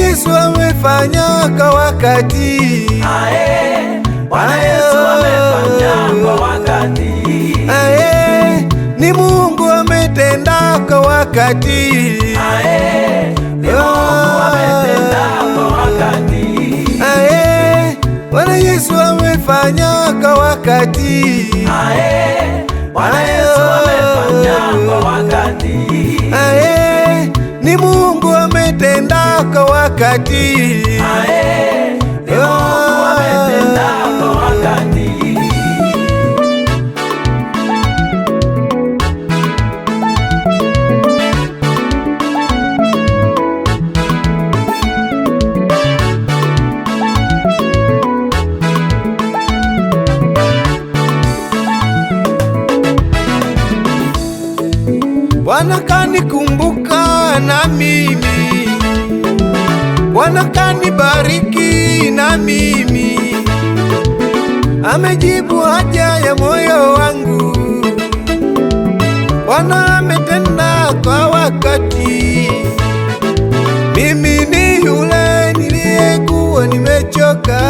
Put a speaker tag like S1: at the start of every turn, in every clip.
S1: Yesu amefanya kwa wakati.
S2: Aye, Bwana Yesu amefanya kwa wakati.
S1: Aye, ni Mungu ametenda kwa wakati.
S2: Aye, ni Mungu ametenda kwa wakati.
S1: Aye, Bwana Yesu amefanya kwa wakati.
S2: Aye, Bwana Yesu amefanya kwa wakati.
S1: Aye, ni Mungu ametenda kwa wakati
S2: Ae,
S1: Bwana kanikumbuka na mimi kanibariki na mimi, amejibu haja ya moyo wangu, Bwana ametenda kwa wakati. Mimi ni yule niliyekuwa nimechoka,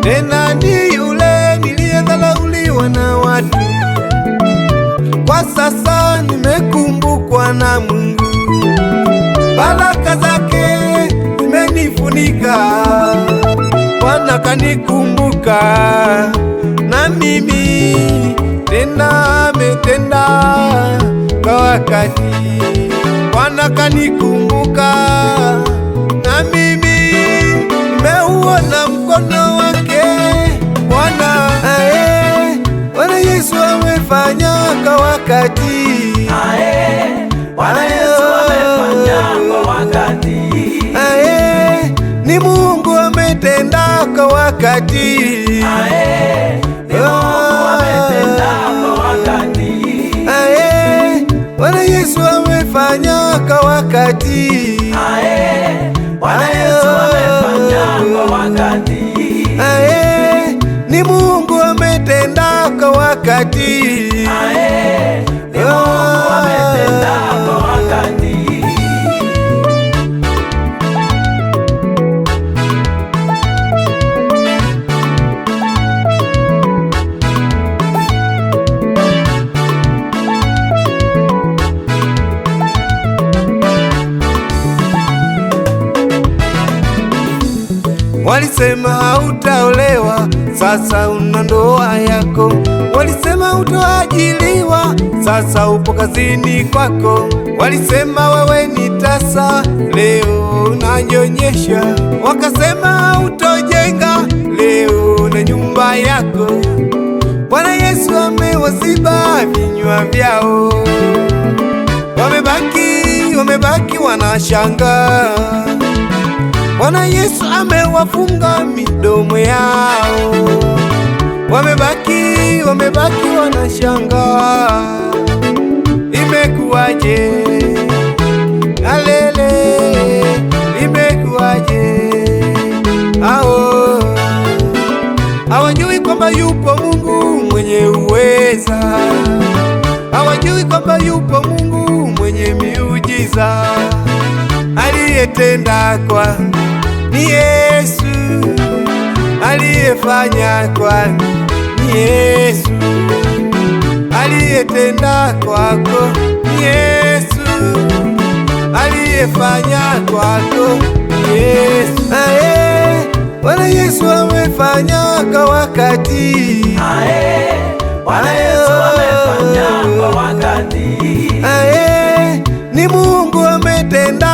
S1: tena ni yule niliyedhalauliwa na watu, kwa sasa nimekumbukwa na Mungu baraka zake Amenikumbuka na mimi tena, ametenda kwa wakati. Bwana kanikumbuka na mimi, meuona mkono wake Bwana. Ae, Bwana Yesu amefanya kwa wakati.
S2: Ae, Bwana Yesu amefanya kwa wakati.
S1: Ae, ni Mungu Ah. ametenda kwa wakati, ae, Bwana Yesu amefanya kwa wakati, ah. ni Mungu ametenda kwa wakati,
S2: ni Mungu ametenda ah.
S1: Walisema hautaolewa, sasa una ndoa yako. Walisema utoajiliwa, sasa upo kazini kwako. Walisema wewe ni tasa, leo unanyonyesha. Wakasema utojenga leo na nyumba yako. Bwana Yesu amewaziba vinywa vyao, wamebaki wamebaki wanashangaa Bwana Yesu amewafunga midomo yao, wamebaki wamebaki wanashangaa, imekuwaje? Alele, imekuwaje? Ao hawajui kwamba yupo Mungu mwenye uweza, hawajui kwamba yupo Mungu mwenye miujiza aliyetenda kwangu ni Yesu, aliyefanya kwangu ni Yesu, aliyetenda kwako ni Yesu, aliyefanya kwako ni Yesu. Aye, Bwana Yesu amefanya kwa wakati.
S2: Aye, Bwana Yesu amefanya kwa wakati.
S1: Aye, ni Mungu ametenda